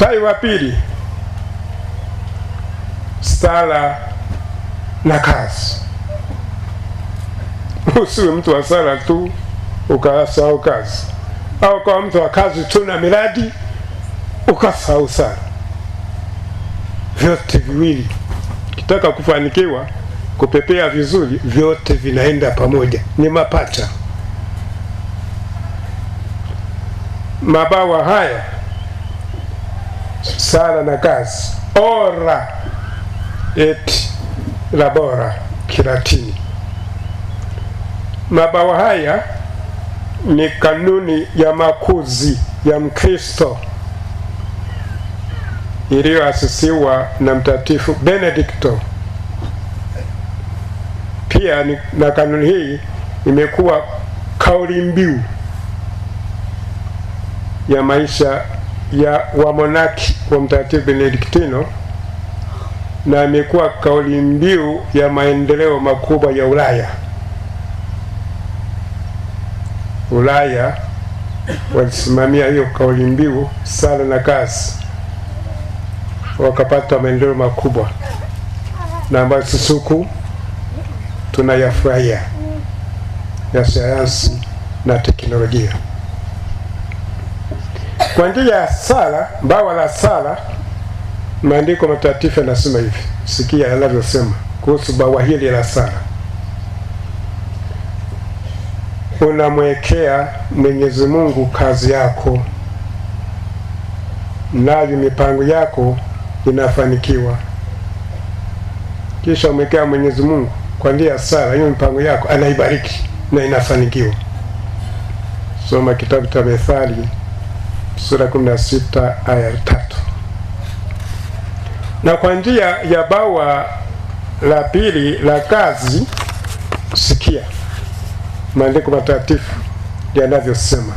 Tawi wa pili, sala na kazi. Usiwe mtu wa sala tu ukasahau kazi, au kwa mtu wa kazi tu na miradi ukasahau sala. Vyote viwili ukitaka kufanikiwa, kupepea vizuri, vyote vinaenda pamoja, ni mapacha mabawa haya sala na kazi. Ora et labora Kilatini. Mabawa haya ni kanuni ya makuzi ya Mkristo iliyoasisiwa na Mtakatifu Benedikto. Pia ni, na kanuni hii imekuwa kauli mbiu ya maisha ya wamonaki wa Mtakatifu Benediktino na amekuwa kauli mbiu ya maendeleo makubwa ya Ulaya. Ulaya walisimamia hiyo kauli mbiu sala na kazi, wakapata maendeleo makubwa na ambayo sisi huku tunayafurahia ya sayansi na teknolojia. Kwa njia ya sala, bawa la sala, maandiko matakatifu yanasema hivi, sikia yanavyosema kuhusu bawa hili la sala. Unamwekea Mwenyezi Mungu kazi yako, nayo mipango yako inafanikiwa. Kisha umwekea Mwenyezi Mungu kwa njia ya sala hiyo mipango yako, anaibariki na inafanikiwa. Soma kitabu cha Methali sura sita aya tatu. Na kwa njia ya bawa la pili la kazi, sikia maandiko matakatifu yanavyosema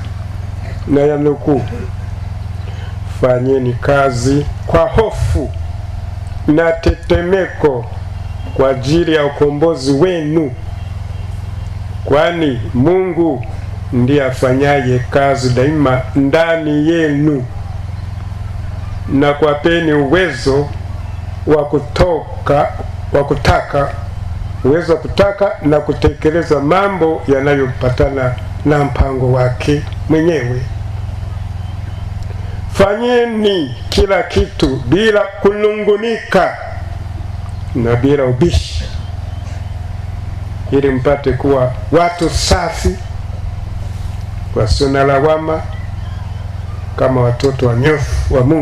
na yanukuu fanyeni kazi kwa hofu na tetemeko kwa ajili ya ukombozi wenu, kwani Mungu ndiye afanyaye kazi daima ndani yenu na kuwapeni uwezo wa kutoka wa kutaka uwezo wa kutaka na kutekeleza mambo yanayopatana na mpango wake mwenyewe. Fanyeni kila kitu bila kunungunika na bila ubishi, ili mpate kuwa watu safi wasiona lawama kama watoto wanyofu wa Mungu.